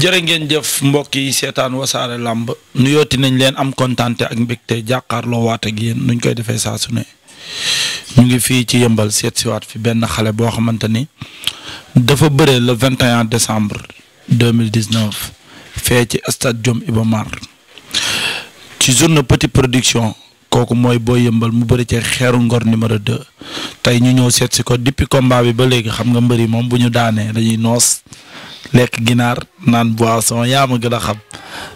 jërë ngeen jëf mbokk yi seetaan wasaare làmb nu yotti nañ leen am kontante ak mbégte jàkkaarloo waat ak yéen nuñ koy defee saa su ne ñu ngi fii ci yëmbal seet si fi benn xale boo xamante ni dafa bëre le 21 décembre 2019 fee ci stade Jom Iba Mar ci journée Petit Production kooku mooy booy yëmbal mu bëri ci xeeru ngor numéro 2 tey ñu ñëw seetsi si ko depuis combat bi ba léegi xam nga mbëri moom bu ñu daanee dañuy noos lekk ginaar naan boisson yaa ma gën a xam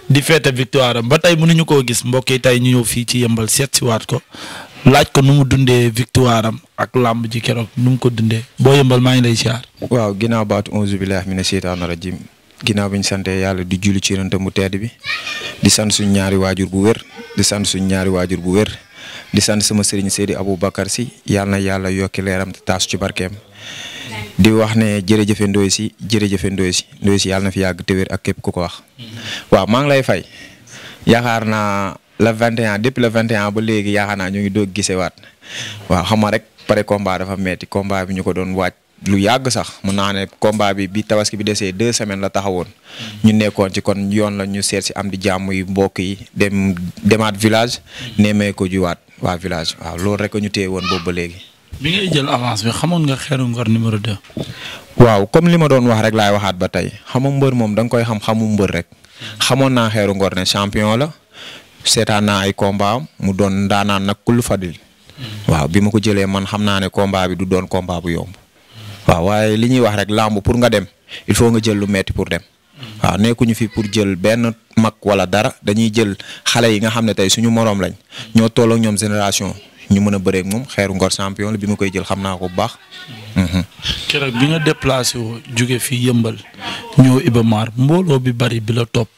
di feete victoire am ba tey mënuñu ko gis mbokk yi tey ñu ñëw fii ci yëmbal seet si waat ko laaj ko nu mu dundee victoire am ak làmb ji keroog nu mu ko dundee boo yembal maa ngi lay siyaar. waaw ginnaaw baatu onze billahi mina seytaana rajim ginnaaw bi ñu sante yàlla di julli ci yonent mu tedd bi di sant suñ ñaari waajur bu wér di sant suñ ñaari waajur bu wér di sant sama sëriñ Seydi Abou Bakar si yàlla na yàlla yokki leeram te taasu ci barkeem di wax ne jërëjëfe Ndoye Sy jërëjëf Ndoye Sy Ndoye Sy yàlla na fi yàgg te wér ak képp ku ko wax. Mhm. waaw maa ngi lay fay yaakaar naa le 21 depuis le 21 ba léegi yaakaar naa ñu ngi doog waat waaw xam nga rek pare combat dafa metti combat bi ñu ko doon waaj lu yàgg sax mun naa ne combat bi bi tabaski bi desee deux semaines la taxawoon. Mhm. ñu nekkoon ci kon yoon la ñu seet si am di jàmm yi mbokk yi dem demaat village. Mhm. nemee ko juwaat waa village waaw loolu rek ñu téye woon boobu ba léegi. bi ngay jël avance bi xamoon nga xeeru ngor numéro 2. waaw comme li ma doon wax rek laay waxaat ba tey xamu mbër moom da nga koy xam xamu mbër rek xamoon naa xeeru ngor ne champion la seetaan naa ay combat mu doon daanaan nag kullu fadil. Mm-hmm. waaw bi ma ko jëlee man xam naa ne combat bi du doon combat bu yomb. waaw waaye li ñuy wax rek làmb pour nga dem il faut nga jël lu metti pour dem. Mm-hmm. waaw nekkuñu fi pour jël benn mag wala dara dañuy jël xale yi nga xam ne tey suñu moroom lañ. Mm-hmm. ñoo toll ñoom génération. ñu mën a bëree moom xeeru ngor champion la bi ma koy jël xam naa ko bu baax. Mhm. keroog bi nga déplacé woo jóge fii yëmbal ñëw Iba Mar mbooloo bi bari bi la topp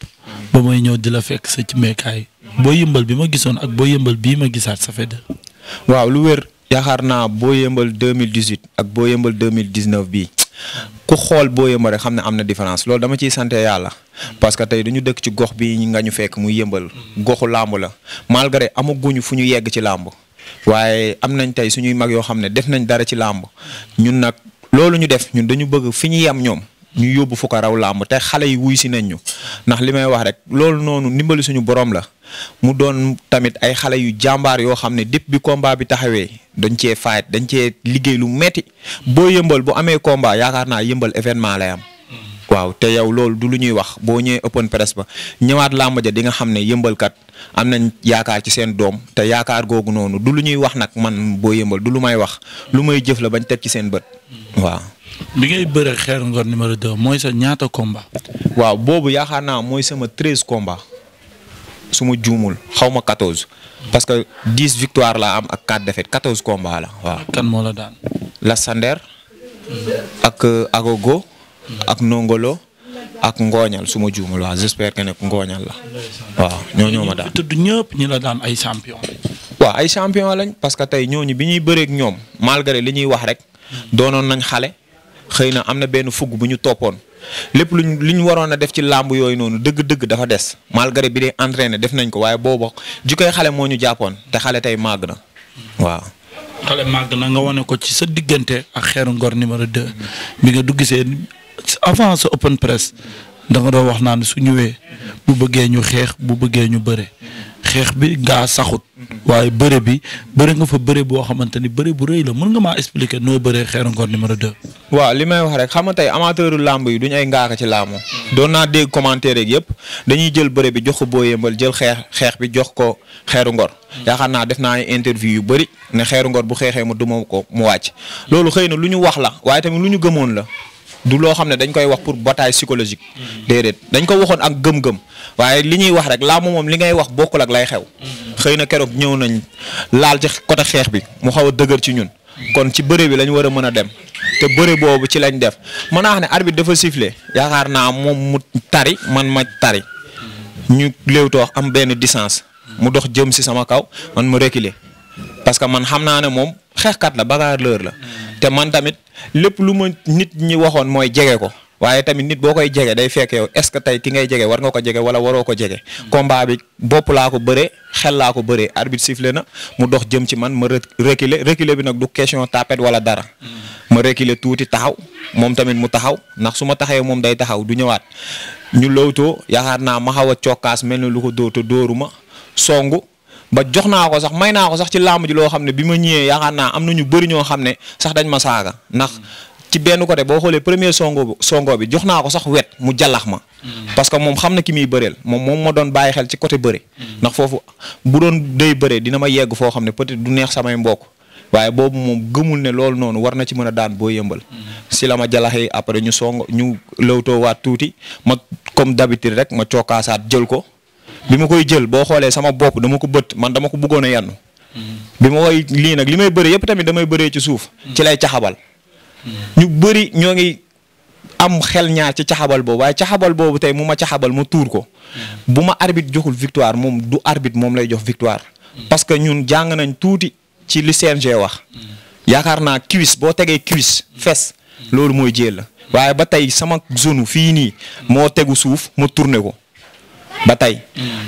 ba may ñëw di la fekk sa ci meekaay boo yëmbal bi ma gisoon ak boo yëmbal bii ma gisaat sa fedd waaw lu wér yaakaar naa boo yëmbal 2018 ak boo yëmbal 2019 bii ku xool boo yëmbal rek xam ne am na différence loolu dama ciy sante yàlla parce que tey dañu dëkk ci gox bi nga ñu fekk muy yëmbal goxu làmb la malgré amaguñu fu ñu yegg ci làmb waaye am nañ tey suñuy mag yoo xam ne def nañ dara ci làmb ñun nag loolu ñu def ñun dañu bëgg fi ñu yem ñoom ñu yóbbu fu raw làmb te xale yi wuy si nañ ñu ndax li may wax rek loolu noonu ndimbali suñu borom la mu doon tamit ay xale yu jàmbaar yoo xam ne dépp bi combat bi taxawee dañ cee faayet dañ cee liggéey lu metti boo yëmbal bu amee combat yaakaar naa yëmbal événement lay am waaw te yow loolu du lu ñuy wax boo ñëwee open press ba ñëwaat làmb ja di nga xam ne yëmbalkat am nañ yaakaar ci seen doom te yaakaar googu noonu du lu ñuy wax nag man boo yëmbal du lu may wax lu may jëf la bañ teg ci seen bët waaw. bi ngay bëre xeer ngor numéro 2 mooy sa ñaata komba waaw boobu yaakaar naa mooy sama treize combat su ma juumul xawma ma quatorze. parce que dix victoire laa am ak quatre défaites quatorze combat la waaw. kan moo la daan. Lassander. ak euh, Agogo. ak nongolo ak ngooñal su ma juumal waaw j'espère que la waaw ñoo ñoo ma daan tudd ñëpp ñu la daan ay champion waaw ay champion lañ parce que tey ñooñu bi ñuy bëreek ñoom malgré li ñuy wax rek doonoon nañ xale xëy na am na benn fugg bu ñu toppoon lépp luñ li ñu waroon a def ci làmb yooyu noonu dëgg-dëgg dafa des malgré bi dee ne def nañ ko waaye boobu jikkoy xale moo ñu jàppoon te xale tey màgg na waaw. xale màgg na nga wane ko ci sa diggante ak xeeru ngor numéro 2 avant sa open press da nga doon wax naan su ñëwee bu bëggee ñu xeex bu bëggee ñu bëre xeex bi gaa saxut waaye bëre bi bëre nga fa bëre boo xamante ni bëre bu rëy la mën nga maa expliquer noo bëree Xeeru Ngor numéro 2. waaw li may wax rek xam nga tey amateuru làmb yi duñ ay ngaaka ci làmb doon naa dégg commentaire yeeg yëpp dañuy jël bëre bi jox ko boo Yeumbeul jël xeex bi jox ko Xeeru Ngor. yaakaar naa def naa ay interview yu bëri ne Xeeru Ngor bu xeexee mu duma ko mu wàcc la du loo xam ne dañ koy wax pour bataille psychologique. déedéet dañ ko waxoon ak gëm-gëm waaye li ñuy wax rek làmb moom li ngay wax bokk ak lay xew. xëy na keroog ñëw nañ laal ci côté xeex bi mu xaw a dëgër ci ñun. kon ci bëre bi lañ war a mën a dem te bëre boobu ci lañ def mën naa wax ne arbitre dafa sifflé yaakaar naa moom mu tari man ma tari ñu léewtoo am benn distance mu dox jëm si sama kaw man ma reculer parce que man xam naa ne moom xeexkat la bagarreur la te man tamit lépp lu ma nit ñi waxoon mooy jege ko waaye tamit nit boo koy jege day fekk yow est-ce que tey ki ngay jege war nga ko jege wala waroo ko jege. Hmm. combat bi bopp laa ko bëree xel laa ko bëree arbitre sifflé na mu dox jëm ci man ma reculer reculer bi nag du question tapette wala dara. Hmm. ma reculer tuuti taxaw moom tamit mu taxaw ndax su ma taxee moom day taxaw du ñëwaat ñu lowtoo yaakaar naa ma xaw a cokkaas mel ni lu ko dóor te dóoru ma songu. ba jox naa ko sax may naa ko sax ci làmb ji loo xam ne bi ma ñëwee yaakaar naa am na ñu bëri ñoo xam ne sax dañ ma saaga ndax ci benn côté boo xoolee premier songo songo bi jox naa ko sax wet mu jàllax ma. Mm. parce que moom xam na ki muy bëreel moom moom ma doon bàyyi xel ci côté bëre. Mm. ndax foofu bu doon day bëre dina ma yegg foo xam ne peut-être du neex samay mbokk waaye boobu moom gëmul ne loolu noonu war na ci mën a daan boo yëmbal. Mm. si la ma jalaxee après ñu song ñu lëwtoowaat tuuti ma comme d'habitude rek ma cookaasaat jël ko. bi ma koy jël boo xoolee sama bopp dama ko bët man dama ko bëggoon a yenn mm-hmm. bi ma koy lii nag li may bëree yëpp tamit damay bëree ci suuf mm-hmm. ci lay caxabal mm-hmm. ñu bëri ñoo ngi am xel ñaar ci caxabal boobu waaye caxabal boobu tey mu ma caxabal ma tuur ko bu ma arbitre joxul victoire moom du arbitre moom lay jox victoire parce que ñun jàng nañ tuuti ci li CNG wax yaakaar naa cuisse boo tegee cuisse fes loolu mooy jéel la waaye ba tey sama zone fii nii moo tegu suuf ma tourné ko ba tey.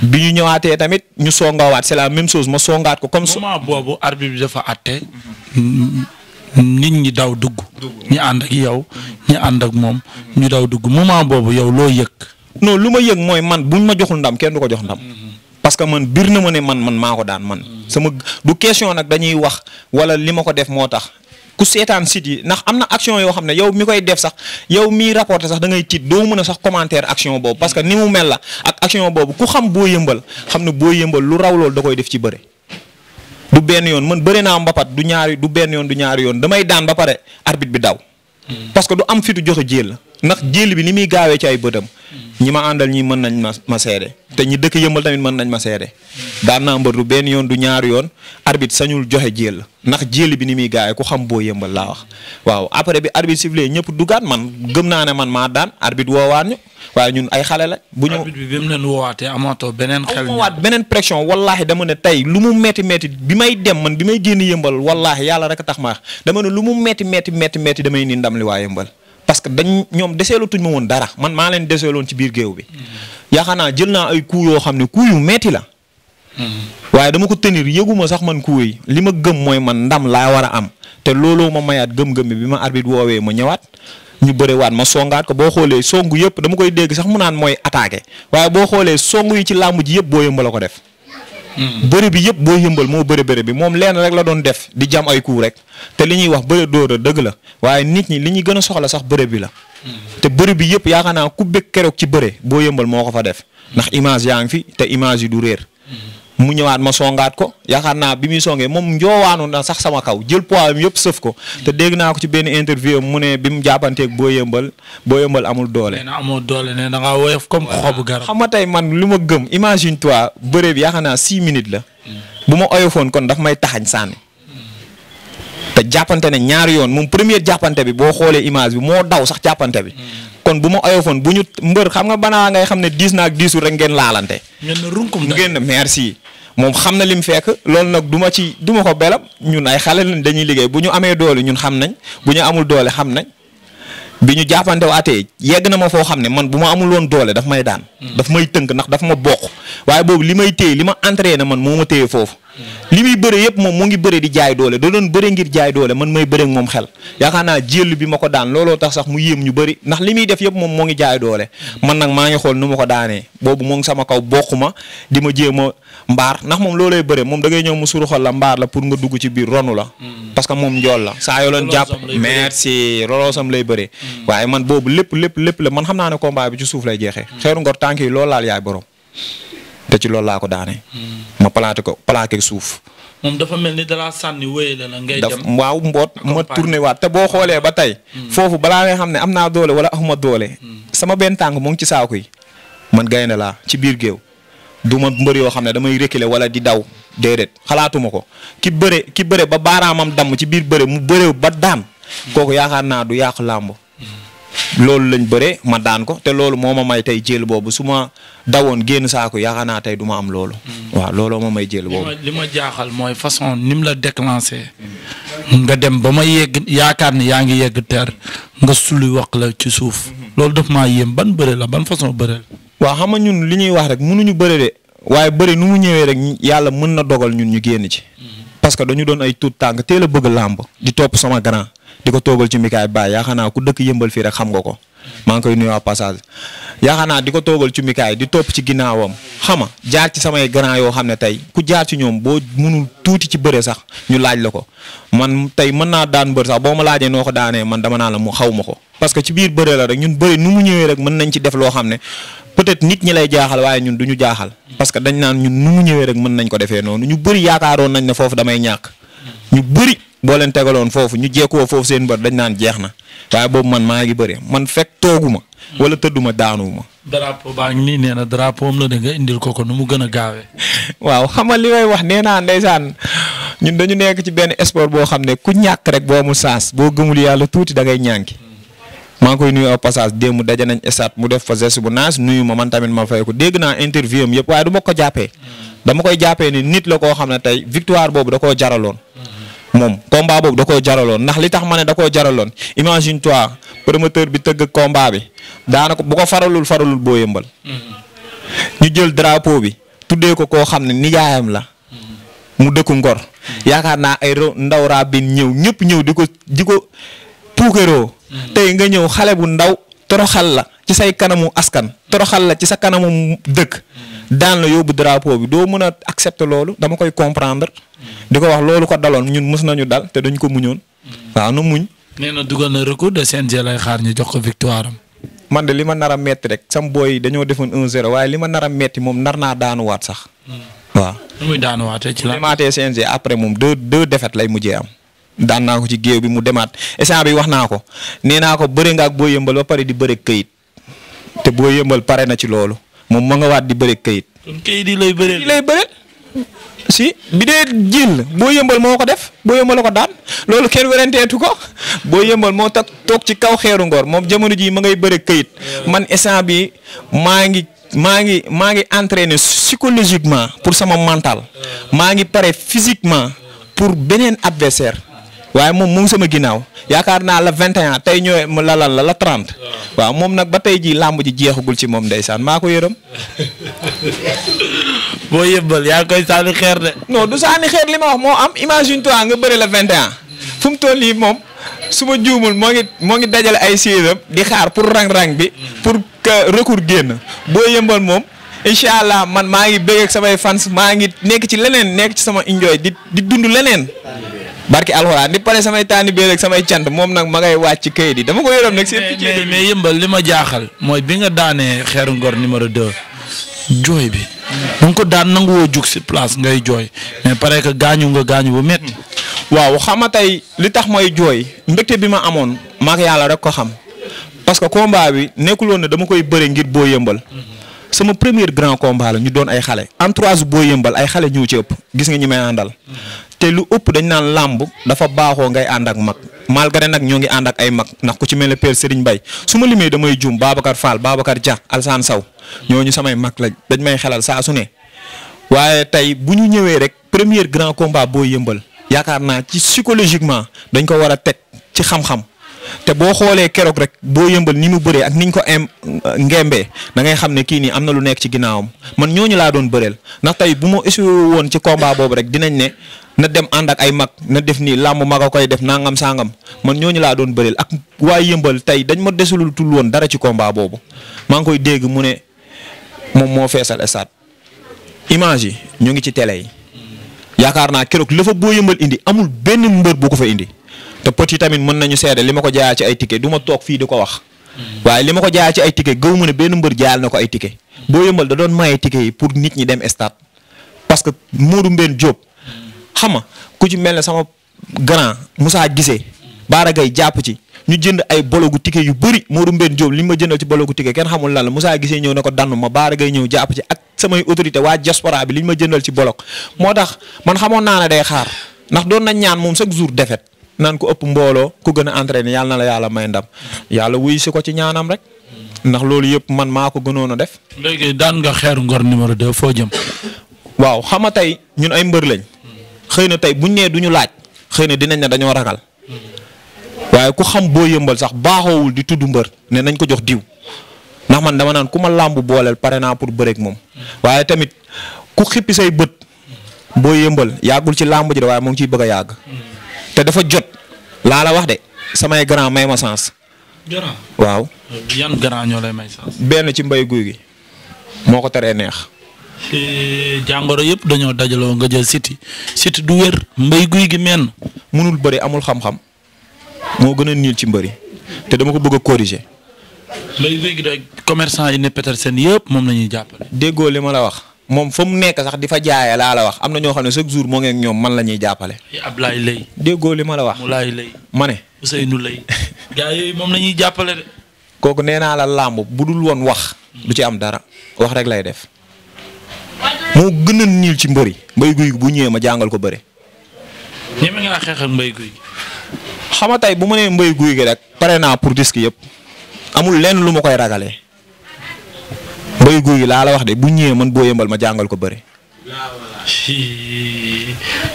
bi ñu ñëwaatee tamit ñu songawaat c'est la même chose ma songaat ko comme. moment boobu arbitre bi dafa àtte. nit ñi daw dugg. ñu ànd ak yow. ñu ànd ak moom. ñu daw dugg moment boobu yow loo yëg. non lu ma yëg mooy man buñ ma joxul ndam kenn du ko jox ndam. parce que man biir na ma ne man man maa ko daan man. sama du question nag dañuy wax wala li ma ko def moo tax ku seetaan site yi ndax am na action yoo xam ne yow mi koy def sax yow mii rapporté sax dangay ngay tiit doo mën a sax commentaire action boobu parce que ni mu mel la ak action boobu ku xam boo yëmbal xam ne boo yëmbal lu raw loolu da koy def ci bëre. du benn yoon mën bëri naa mbappat du ñaari du benn yoon du ñaari yoon damay daan ba pare arbitre bi daw. Hmm. parce que du am fitu joxe jéel la ndax jéel bi ni muy gaawee ci ay bëtam. ñi ma àndal ñi mën nañ ma ma seede te ñi dëkk yëmbal tamit mën nañ ma seede daan naa mbër du benn yoon du ñaari yoon arbitre sañul joxe jéel ndax jéel bi ni muy gaay ku xam boo yëmbal laa wax waaw après bi arbitre sifflé ñëpp dugaat man gëm naa ne man maa daan arbitre woowaat ñu waaye ñun ay xale la. bu ñu arbitre bi bi mu leen woowaatee amaatoo beneen xel woowaat beneen pression wallaahi dama ne tey lu mu metti metti bi may dem man bi may génn yëmbal wallaahi yàlla rek a tax ma dama ne lu mu metti metti metti metti ndam li waa yëmbal parce que dañ ñoom deseelatuñ ma woon dara man maa leen deseeloon ci biir géew bi. yaakaar naa jël naa ay coups yoo xam ne coups yu metti la. waaye dama ko tenir yëguma sax man coups yi li ma gëm mooy man ndam laa war a am te looloo ma mayaat gëm-gëm bi bi ma arbitre woowee ma ñëwaat. ñu bëriwaat ma songaat ko boo xoolee song yëpp dama koy dégg sax mu naan mooy attaqué waaye boo xoolee song yi ci làmb ji yëpp boo yëmba la ko def. bëri bi yëpp boo yëmbal moo bëri bëri bi moom leen rek la doon def di jam ay coup rek te li ñuy wax bëri doo a dëgg la waaye nit ñi li ñuy gën a soxla sax bëri bi la. te bëri bi yëpp yaakaar naa ku bëgg keroog ci bëre boo yëmbal moo ko fa def ndax image yaa ngi fi te image yi du réer. mu ñëwaat ma songaat ko yaakaar bi muy songee moom njoowaanu na sax sama kaw jël poids yëpp sëf ko te dégg naa ko ci benn interview mu ne bi mu jàppanteeg boo yëmbal boo yëmbal amul doole. nee na amul doole nee na nga woyof comme xobu garab. xam nga tey man lu ma gëm imagine toi bëre bi yaakaar naa six minutes la bu ma oyofoon kon daf may taxañ sànni te jàppante ne ñaari yoon moom première jàppante bi boo xoolee image bi moo daw sax jàppante bi. kon bu ma oyofoon bu ñu mbër xam nga banaa ngay xam ne diis na ak diisul rek ngeen laalante. moom xam na lim fekk loolu nag du ma ci du ma ko belam ñun ay xale lañ dañuy liggéey bu ñu amee doole ñun xam nañ bu ñu amul doole xam nañ bi ñu jàppante waatee yegg na ma foo xam ne man bu ma amul woon doole daf may daan. Hmm. daf may tënk ndax daf ma boq waaye boobu li may téye li ma entraîné man moo ma téye foofu. li muy bëre yëpp moom mu ngi bëre di jaay doole da doon bëre ngir jaay doole man may bëre ak moom xel yaakaar naa jël bi ma ko daan looloo tax sax mu yéem ñu bëri ndax li muy def yëpp moom moo ngi jaay doole man nag maa ngi xool nu ma ko daanee boobu moom sama kaw bokk ma di ma jéem a mbaar ndax moom loolay bëre moom da ngay ñëw mu suru xol la mbaar la pour nga dugg ci biir ronu la mm-hmm. parce que moom njool la saa yoo leen jàpp merci roloosam lay bëre mm-hmm. waaye man boobu lépp lépp lépp la man xam naa ne combat bi ci suuf lay jeexee mm-hmm. xeeru ngor tànk loolu laal yaay borom te ci loolu laa ko daane. Hmm. ma plaqué ko plaqué suuf. moom dafa mel ni dalaa sànni wéyale la ngay dem waaw mboot ma tourné waat te boo xoolee ba tey. Hmm. foofu balaa ngay xam ne am naa doole wala axuma doole. Hmm. sama benn tànk mu ngi ci saako yi. man gaynde laa ci biir géew du ma mbër yoo xam ne damay reculer wala di daw xalaatuma ko ki bëre ki bëre ba baaraamam damm ci biir bëre mu bëre ba daan. kooku yaakaar naa du yàqu làmb loolu lañ bëre ma daan ko te loolu moo ma may tey jël boobu su ma dawoon génn saako yaakaar naa tey duma am loolu. Hmm. waaw looloo ma may jël boobu. li ma jaaxal mooy façon ni mu la déclenché. nga dem ba ma yegg yaakaar ni yaa ngi yegg ter nga suli wax la ci suuf. Hmm. loolu daf maa yéem ban bëre la ban façon bëre la. waaw xam nga ñun li ñuy wax rek mënuñu bëre de waaye bëre nu mu ñëwee rek yàlla mën na dogal ñun ñu génn ci. Hmm. parce que dañu doon ay tuut tàng teel a bëgg làmb di topp sama grand. di ko toogal ci Mikaay Baye yaakaar naa ku dëkk yëmbal fii rek xam nga ko maa ngi koy nuyoo passage yaakaar di ko toogal ci di topp ci ginnaawam xama jaar ci samay grand yoo xam ne tey ku jaar ñoom boo tuuti ci bëre sax ñu laaj la ko man tey mën naa daan mbër sax boo ma laajee noo ko daanee man dama naa la mu xaw ma ko parce que ci biir bëre la rek ñun bëre nu mu ñëwee rek mën nañ ci def loo xam ne peut-être nit ñi lay jaaxal waaye ñun du ñu jaaxal parce que dañ naan ñun nu mu ñëwee rek mën nañ ko defee noonu ñu bëri yaakaaroon nañ ne foofu damay ñàkk ñu bëri boo leen tegaloon foofu ñu jeekuwoo foofu seen mbër dañ naan jeex na waaye boobu man maa ngi bëri man fekk toogu ma. wala tëdduma daanuwuma. drapeau baa ngi nii nee na drapeau am la ko ko nu mu gën a gaawee. waaw xam nga li may wax nee naa ndeysaan ñun dañu nekk ci benn sport boo xam ne ku ñàkk rek boo mu saas boo gëmul yàlla tuuti da ngay ñànki maa ngi koy nuyu au passage démb daje nañ esaat mu def fa geste bu naas nuyu ma man tamit ma fay ko dégg naa interview am yëpp waaye du ma ko jàppee. dama koy jàppee ni nit la koo xam ne tey victoire boobu da koo jaraloon. moom combat boobu da koo jaraloon ndax li tax ma ne da koo jaraloon imagine toi promoteur bi tëgg combat bi daanaka bu ko faralul faralul boo yëmbal. ñu jël drapeau bi tuddee ko koo xam ne nijaayam la. mu dëkku Ngor. yaakaar naa ay ndaw rabin ñëw ñëpp ñëw di ko di ko puukeroo. tey nga ñëw xale bu ndaw toroxal la ci say kanamu askan. toroxal la ci sa kanamu dëkk. daan la yóbbu drapeau bi doo mën a accepte loolu dama koy comprendre. di ko wax loolu ko daloon ñun mës nañu dal te dañ ko muñoon. waaw nu muñ. neena na na recours de CNG lay xaar ñu jox ko victoire am. man de li ma nar a metti rek sam booy dañoo defoon un 0 waaye li ma nar a metti moom nar naa daanuwaat sax. Hmm. waaw nu muy daanuwaatee ci la. demaatee CNG après moom deux deux défaites lay mujjee am. daan naa ko ci géew bi mu demaat instant bi wax naa ko nee naa ko bëri nga ak boo yëmbal ba di bëri këyit te boo yëmbal pare na ci loolu. moom ma nga waat di bëri kayit. kayit yi lay bëree lay bëri si bi dee jiil boo yëmbal moo ko def boo yëmbal ko daan loolu kenn werenteetu ko boo yëmbal moo tax toog ci kaw xeeru ngoor moom jamono jii ma ngay bëri kayit man instant bi maa ngi maa ngi maa ngi entraîné psychologiquement pour sama mental maa ngi pare physiquement pour beneen adversaire waaye moom mu sama ginnaaw yaakaar naa la 21 tey ñëwee la la la la 30 waaw moom nag ba tey jii làmb ji jeexagul ci moom ndeysaan maa ko yërëm. boo yëbbal yaa koy saani xeer de. non du saani xeer li ma wax moo am imagine toi nga bëri la 21 fu mu toll nii moom su ma juumul moo ngi moo ngi dajale ay séeram di xaar pour rang-rang bi pour que recours génn boo yëmbal moom. incha allah man maa ngi bëgg samay fans maa ngi nekk ci leneen nekk ci sama enjoy di di dund leneen. barki alxuraan di pare samay taani béer ak samay cant moom nag ma ngay wàcc ci kayit yi dama ko yoroon nag. seen picc yëmbal li ma jaaxal. mooy bi nga daanee xeeru ngor numéro 2. jooy bi. ko daan nangu woo place ngay jooy. mais que gaañu nga gaañu bu métti. waaw xam nga tey li tax mooy jooy mbégte bi ma amoon. maak yàlla rek ko xam. parce que combat bi nekkuloon ne dama koy bëre ngir boo yëmbal. sama premier grand combat la ñu doon ay xale. entourage boo yëmbal ay xale ñu ci ëpp gis nga ñi may àndal. te lu ëpp dañ naan làmb dafa baaxoo ngay ànd ak mag malgré nag ñoo ngi ànd ak ay mag ndax ku ci mel ne Père Serigne Mbaye su ma limee damay juum Babacar Fall Babacar Dia Alsaan Saw ñooñu samay mag lañ dañ may xelal saa su ne waaye tey bu ñu ñëwee rek premier grand combat boo yëmbal yaakaar naa ci psychologiquement dañ ko war a teg ci xam-xam te boo xoolee keroog rek boo yëmbal ni mu bëree ak niñ ko em ngembee da ngay xam ne kii nii am na lu nekk ci ginnaawam man ñooñu laa doon bëreel ndax tey bu ma woon ci combat boobu rek dinañ ne na dem ànd ak ay mag na def nii làmb mag a koy def nangam sangam man ñoo ñu laa doon bëreel ak waaye yëmbal tey dañ ma desulul tul woon dara ci komba boobu maa ngi koy dégg mu ne moom moo feesal stade image yi ñu ngi ci télé yi yaakaar naa keroog la boo yëmbal indi amul benn mbër bu ko fa indi te yi tamit mën nañu seede li ma ko jaayaa ci ay ticket du ma toog fii di ko wax waaye li ma ko jaayaa ci ay ticket gëw mu ne benn mbër jaayal na ko ay ticket boo yëmbal da doon maye ticket yi pour nit ñi dem stade parce que Modou Mbène xam nga ku ci mel ne sama grand Moussa Guissé Baara Gaye jàpp ci ñu jënd ay bologu ticket yu bëri Modou Mbène Diop li ma jëndal ci bologu ticket kenn xamul lan la Moussa Guissé ñëw ne ko dannu ma Baara Gaye ñëw jàpp ci ak samay autorité waa diaspora bi li ñu ma jëndal ci bolog moo tax man xamoon naa ne day xaar ndax doon nañ ñaan moom chaque jour defet naan ko ëpp mbooloo ku gën a entraîné yàlla na la yàlla may ndam yàlla wuyu si ko ci ñaanam rek ndax loolu yëpp man maa ko gënoon a def. léegi daan nga xeer ngor numéro 2 foo jëm. waaw xam nga tey ñun ay mbër lañ xëy na tey buñ nee duñu laaj xëy na dinañ ne dañoo ragal waaye ku xam boo yëmbal sax baaxoowul di tudd mbër ne nañ ko jox diw ndax man dama naan ku ma làmb booleel pare naa pour bëreeg moom waaye tamit ku xippi say bët boo yëmbal yàggul ci làmb ji de waaye moo ciy bëgg a yàgg te dafa jot laa la wax de samay grand may ma sens. waaw. yan grand ñoo lay may sens. benn ci mbay guy gi moo ko teree neex. jàngoro yëpp dañoo dajaloo nga jël siti siti du wér mbay guy gi menn mënul bëri amul xam-xam moo gën a niil ci mbari te dama ko bëgg a corriger. mbay guy gi day commerçant yi ne Petersen yëpp moom la ñuy jàppale. déggoo li ma la wax moom fa mu nekk sax di fa jaayee laa la wax am na ñoo xam ne chaque jour moo ngeek ñoom man la ñuy jàppale. Ablaye Lay. déggoo li ma la wax Moulay Lay. ma ne Ousseynou Lay. gaa yooyu moom la ñuy jàppale kooku nee naa la làmb bu dul woon wax. du ci am dara wax rek lay def. moo gën a niil ci mbëri mbay guy bu ñëwee ma jàngal ko bari ñeme nga xeex ak mbay guy. xam tey bu ma nee mbay guy gi rek pare naa pour disque yëpp amul leen lu ma koy ragale mbay guy gi laa la wax de bu ñëwee man boo yëmbal ma jàngal ko bëre.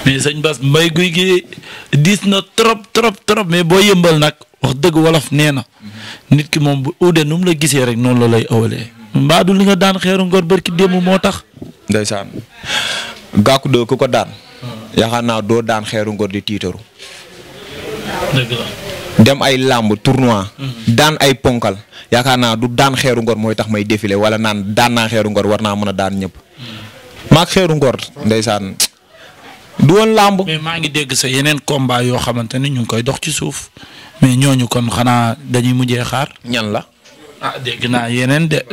mais sëñ Bass mbay guy gi diis na trop trop trop mais boo yëmbal nag wax dëgg wolof nee na mhm. nit ki moom bu uude nu mu la gisee rek noonu la lay awalee. mbaa du li nga daan xeeru ngor bërki démb moo tax. ndeysaan gàkku doo ku ko daan. yaakaar naa doo daan xeeru ngor di tiitaru. dem ay làmb tournoi. Mm-hmm. daan ay ponkal yaakaar naa du daan xeeru ngor mooy tax may défilé wala naan daan naa xeeru ngor war naa mën a daan ñëpp. Mm-hmm. maak xeeru ngor ndeysaan du woon làmb. mais maa ngi dégg sa yeneen combat yoo xamante ni ñu ngi koy dox ci suuf mais ñooñu kon xanaa dañuy mujjee xaar. ñan la. Ah, dégg naa yeneen de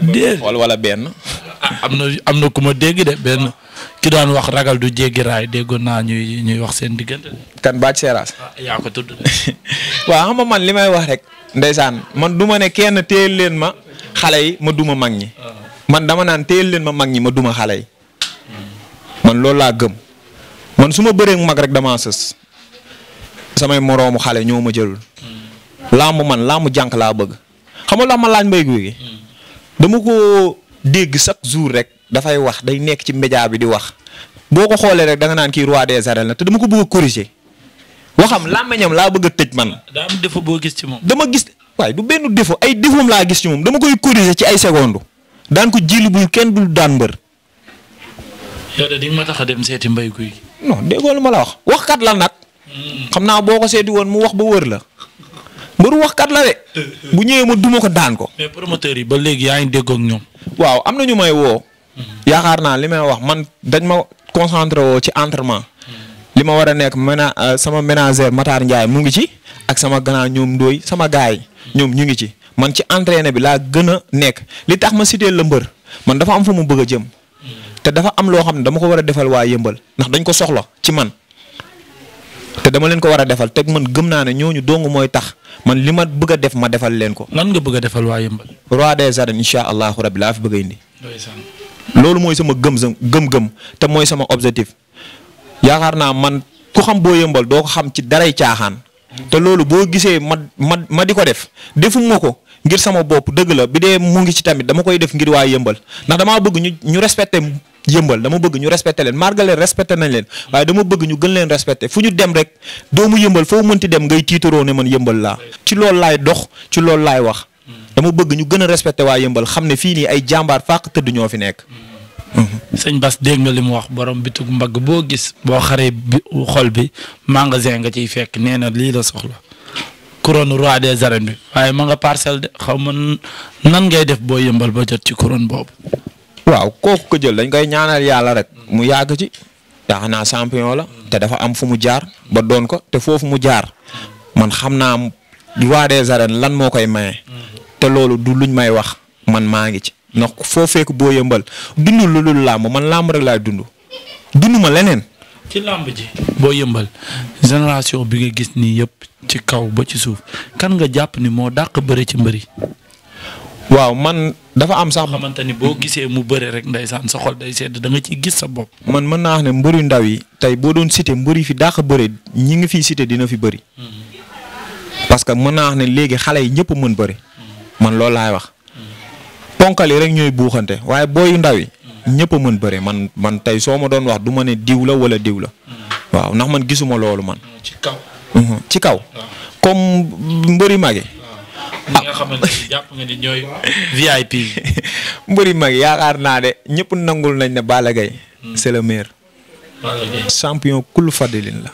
déedéet wala wala benn. Ah, am na am na ku ma dégg de benn ki daan wax ragal du jéggi raay déggoon naa ñuy ñuy wax seen diggante. kan Bathie Seras. Ah, yaa ko waaw xam nga man li may wax rek. ndeysaan man du ma ne kenn téyel leen ma xale yi ma duma mag ñi. man dama naan téyel leen ma mag ñi ma duma xale yi. man loolu laa gëm. man su ma bëree mag rek damaa sës. samay moroomu xale ñoo ma jëlul. Hmm. laamu man laamu jànk laa bëgg. xam nga lu ma laaj mbay guy hmm. dama ko dégg chaque jour rek dafay wax day nekk ci média bi di wax boo ko xoolee rek da nga naan kii roi de arènes la te dama ko bëgg a corriger waxam làmmiñam laa bëgg a tëj man. daa am gis ci moom. dama gis waaye du benn défaut ay défaut laa gis ci moom dama koy corriger ci ay secondes daan ko jili bul kenn dul daan mbër. yow di nga ma seeti mbay guy. lu ma la wax waxkat la nag. Hmm. xam naa boo ko seeti woon mu wax ba wër la. mbëru waxkat la de. bu ñëwee ma duma ko daan ko. yi ba léegi yaa ngi déggoo ak waaw am na ñu may woo. Mm-hmm. yaakaar naa li may wax man dañ ma concentré woo ci entrement mm-hmm. li ma war a nekk mena euh, sama ménagère Matar Ndiaye mu ngi ci ak sama gannaaw ñoom ndooy sama gaay mm-hmm. ñoom ñu ngi ci man ci entraîné bi laa gën a nekk li tax ma cité la mbër man dafa am fu mu bëgg a jëm. te dafa am loo xam ne dama ko war a defal waa yëmbal ndax dañ ko soxla ci man. te dama leen ko war a defal teg man gëm naa ne ñooñu dong mooy tax man li ma bëgg a def ma defal leen ko. lan nga bëgg defal waa Yëmbal. roi des arènes incha allahu rabi laa fi bëgg a indi. loolu mooy sama gëm sa gëm-gëm te mooy sama objectif yaakaar naa man ku xam boo yëmbal doo ko xam ci daray caaxaan. te loolu boo gisee ma ma ma di ko def defuma ko ngir sama bopp dëgg la bi dee mu ngi ci tamit dama koy def ngir waa yëmbal ndax damaa bëgg ñu ñu yëmbal dama bëgg ñu respecté leen margale respecté nañ leen waaye dama bëgg ñu gën leen respecté fu ñu dem rek doomu yëmbal foo mënti dem ngay tiitaroo ne man yëmbal laa ci loolu laay dox ci loolu laay wax dama bëgg ñu gën a respecté waa yëmbal xam ne fii nii ay jàmbaar fàq tëdd ñoo fi nekk sëñ Bass dégg nga li mu wax borom bitug mbagg boo gis boo xaree bi xol bi magasin nga ciy fekk nee na lii la soxla couronne roi des arènes bi waaye ma nga parcelle de xaw ma nan ngay def boo yëmbal ba jot ci couronne boobu waaw kooku ko jël dañ koy ñaanal yàlla rek mu yàgg ci yaa naa la te dafa am fu mu jaar ba doon ko te foofu mu jaar man xam naa roi des arènes lan moo koy maye te loolu du luñ may wax man maa ngi ci ndox foo fekk boo yëmbal dund lu dul làmb man làmb rek laay dund dund ma leneen. ci làmb ji boo yëmbal génération bi nga gis nii yëpp ci kaw ba ci suuf kan nga jàpp ni moo dàq bëri ci mbëri waaw man dafa am sax. xamante ni boo gisee mu bëre rek ndeysaan sa xol day sedd da nga gis sa bopp. man mën naa wax ne mbëri ndaw yi tey boo doon cité mbëri fi dàq bëri ñu ngi fi cité dina fi bëri. Mm-hmm. parce que mën naa wax ne léegi xale yi ñëpp mën bëri. Mm-hmm. man loolu laay wax. Mm-hmm. ponkal yi rek ñooy buuxante waaye booyu ndaw yi. ñëpp mën bëre man man tey soo ma doon wax du ma ne diw la wala diw la. waaw ndax man gisuma loolu man. ci kaw. ci kaw comme mbëri mage ñi nga xamante mbëri mag yaakaar naa de ñëpp nangul nañ ne Balla Gaye hmm. le maire champion kul fadilin la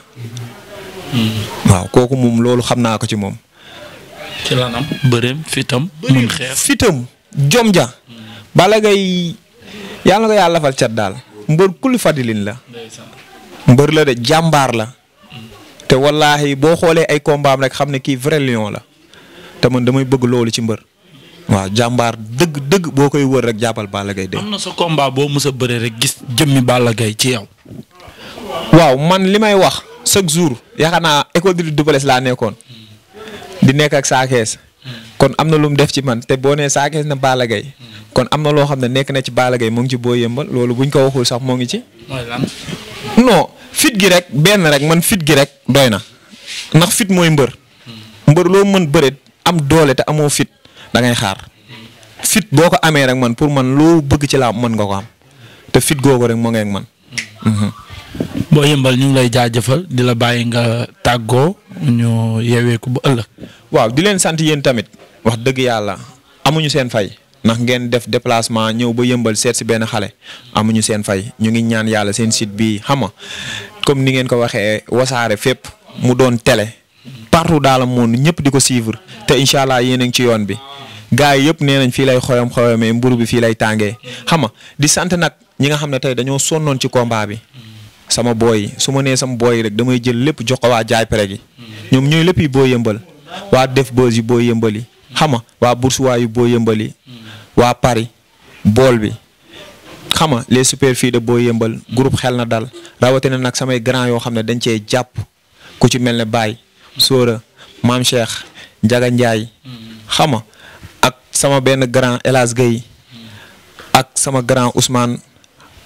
hmm. waaw kooku moom loolu xam naa ko ci moom ci lanam bëreem fitam mun jom ja hmm. Balla Gaye yàlla na ko yàlla lafal cat daal mbër kul fadilin la mbër la de jàmbaar la te wallaahi boo xoolee ay combat am rek xam ne kii vrai la te man damay bëgg loolu ci mbër. waaw jàmbaar dëgg dëgg boo koy wër rek jàppal Balla Gaye de. am na sa combat boo mës a rek gis jëmmi Balla Gaye ci yow. waaw man li may wax chaque jour yaakaar naa école de Double Less laa nekkoon di nekk ak saakees kon am na lu mu def ci man te boo nee saakees na Balla Gaye kon am na loo xam ne nekk na ci Balla Gaye mu ngi ci boo yëmbal loolu buñ ko waxul sax moo ngi ci. non fit gi rek benn rek man fit gi rek doy na ndax fit mooy mbër. am doole te amoo fit da ngay xaar fit boo ko amee rek man pour man loo bëgg ci laa mën nga ko am te fit googu rek moo ngeen man. Mhm. boo yëmbal ñu ngi lay jëfal di la bàyyi nga tàggoo ñu yeewee bu ëllëg. waaw di leen sant yéen tamit wax dëgg yàlla amuñu seen fay. ndax ngeen def déplacement ñëw ba yëmbal seet si benn xale amuñu seen fay ñu ngi ñaan yàlla seen site bi xam nga comme ni ngeen ko waxee wasaare fépp mu doon tele partout dans le monde ñëpp di ko suivre te incha allah yéen a ngi ci yoon bi gars yi yëpp nee nañ fii lay xoyom xoyomee mburu bi fii lay tàngee xama di sant nag ñi nga xam ne tey dañoo sonnoon ci combat bi sama booy yi su ma nee sama booy yi rek damay jël lépp jox ko waa jaay pere gi ñoom ñooy lépp yi boo yëmbal waa def bës yi boo yëmbal yi xam nga waa boursois yu boo yëmbal yi waa Paris bool bi xam nga les super filles de boo yëmbal groupe xel na dal rawatina nag samay grand yoo xam ne dañ cee jàpp ku ci mel ne Baye Sora maam Cheikh Ndiaga Ndiaye. xama nga ak sama benn grand El Hadj ak sama grand Ousmane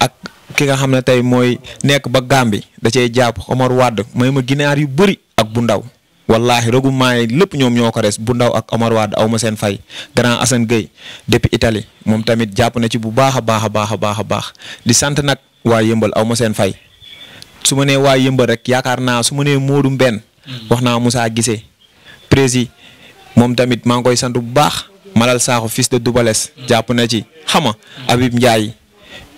ak ki nga xam ne tey mooy nekk ba Gàmbi da cee jàpp Omar Wade mooy ma ginaar yu bëri ak bu ndaw. wallahi rogu maay lépp ñoom ñoo ko des bu ndaw ak Omar Wade aw ma seen fay grand Assane Gueye depuis Italie moom tamit jàpp na ci bu baax a baax a baax a baax a baax di sant nag waa yëmbal aw ma seen fay su ma nee waa yëmbal rek yaakaar naa su ma nee Modou benn Mm. wax naa Moussa Guissé prési moom tamit maa ngi koy sant bu baax Malal Sakho fils de Doubales mm. jàpp na ci xama mm. Habib Ndiaye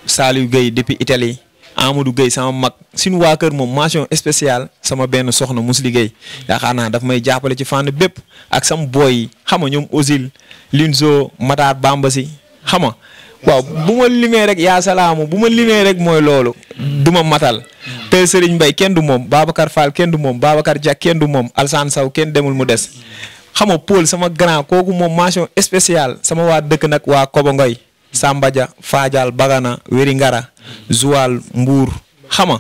Saliou Gueye depuis Italie Amadou Gueye sama mag suñu waa kër moom mention spéciale sama benn soxna Mousli Gueye yaakaar naa daf may jàppale ci fànn bépp ak sama boy yi xama ñoom Osil Linzo Matar Bambasi xama waaw bu ma limee rek yaa bu ma limee rek mooy loolu du ma matal te Serigne Mbaye kenn du moom Babacar Fall kenn du moom Babacar Diak kenn du moom Alsaan Saw kenn demul mu des xam nga Paul sama grand kooku moom mention spéciale sama waa dëkk nag waa Koba Ngoy Sambadia faajal Bagana Wéri Ngara Zoual mbuur xama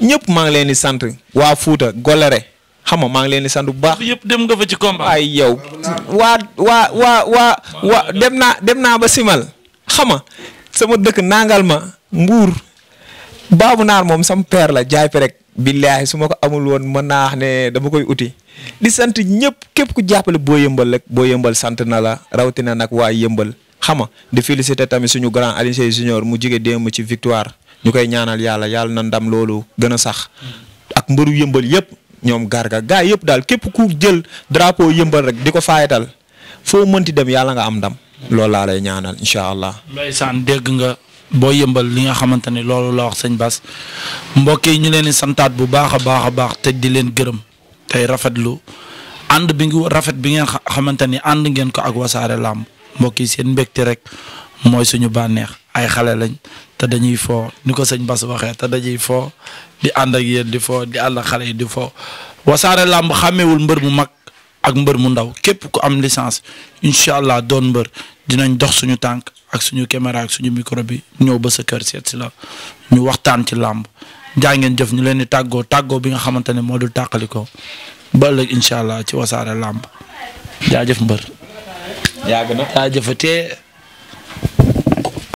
nga ñëpp maa ngi leen di sant waa Fuuta Golere xam nga maa ngi leen di sant bu baax. yëpp dem nga fa ci kom ay yow waa waa waa dem naa dem ba Simal. xama sama dëkk nangal ma mbuur baabu naar moom sam père la jaay pe rek billaahi su ma ko amul woon mën naa ne dama koy uti di sant ñëpp képp ku jàppale boo yëmbal rek boo yëmbal sant na la rawatina nag waa yëmbal xama di féliciter tamit suñu grand Alioune Seye junior mu jige démb ci victoire ñu koy ñaanal yàlla yàlla na ndam loolu gën a sax ak mbëru yëmbal yëpp ñoom garga gaa yëpp daal képp ku jël drapeau yëmbal rek di ko faayatal foo mënti dem yàlla nga am ndam loolu laa lay ñaanal incha allah. ndeysaan dégg nga boo yëmbal li nga xamante ne loolu la wax sëñ Bass mbokk yi ñu leen di santaat bu baax a baax a baax te di leen gërëm tey rafetlu ànd bi ngu rafet bi ngeen xamante ni ànd ngeen ko ak wasaare làmb mbokk yi seen mbégte rek mooy suñu bànneex ay xale lañ te dañuy foo ni ko sëñ bas waxee te dañuy foo di ànd ak yéen di foo di ànd xale yi di foo wasaare làmb xàmmewul mbër mu mag ak mbër mu ndaw képp ku am licence incha allah doon mbër dinañ dox suñu tànk ak suñu caméra ak suñu micro bi ñëw ba sa kër seet si la ñu waxtaan ci làmb jaa ngeen jëf ñu leen di tàggoo tàggoo bi nga xamante ne moo dul tàqali ko ba ëllëg incha allah ci wasaare làmb jaajëf mbër. yàgg na jaajëfatee.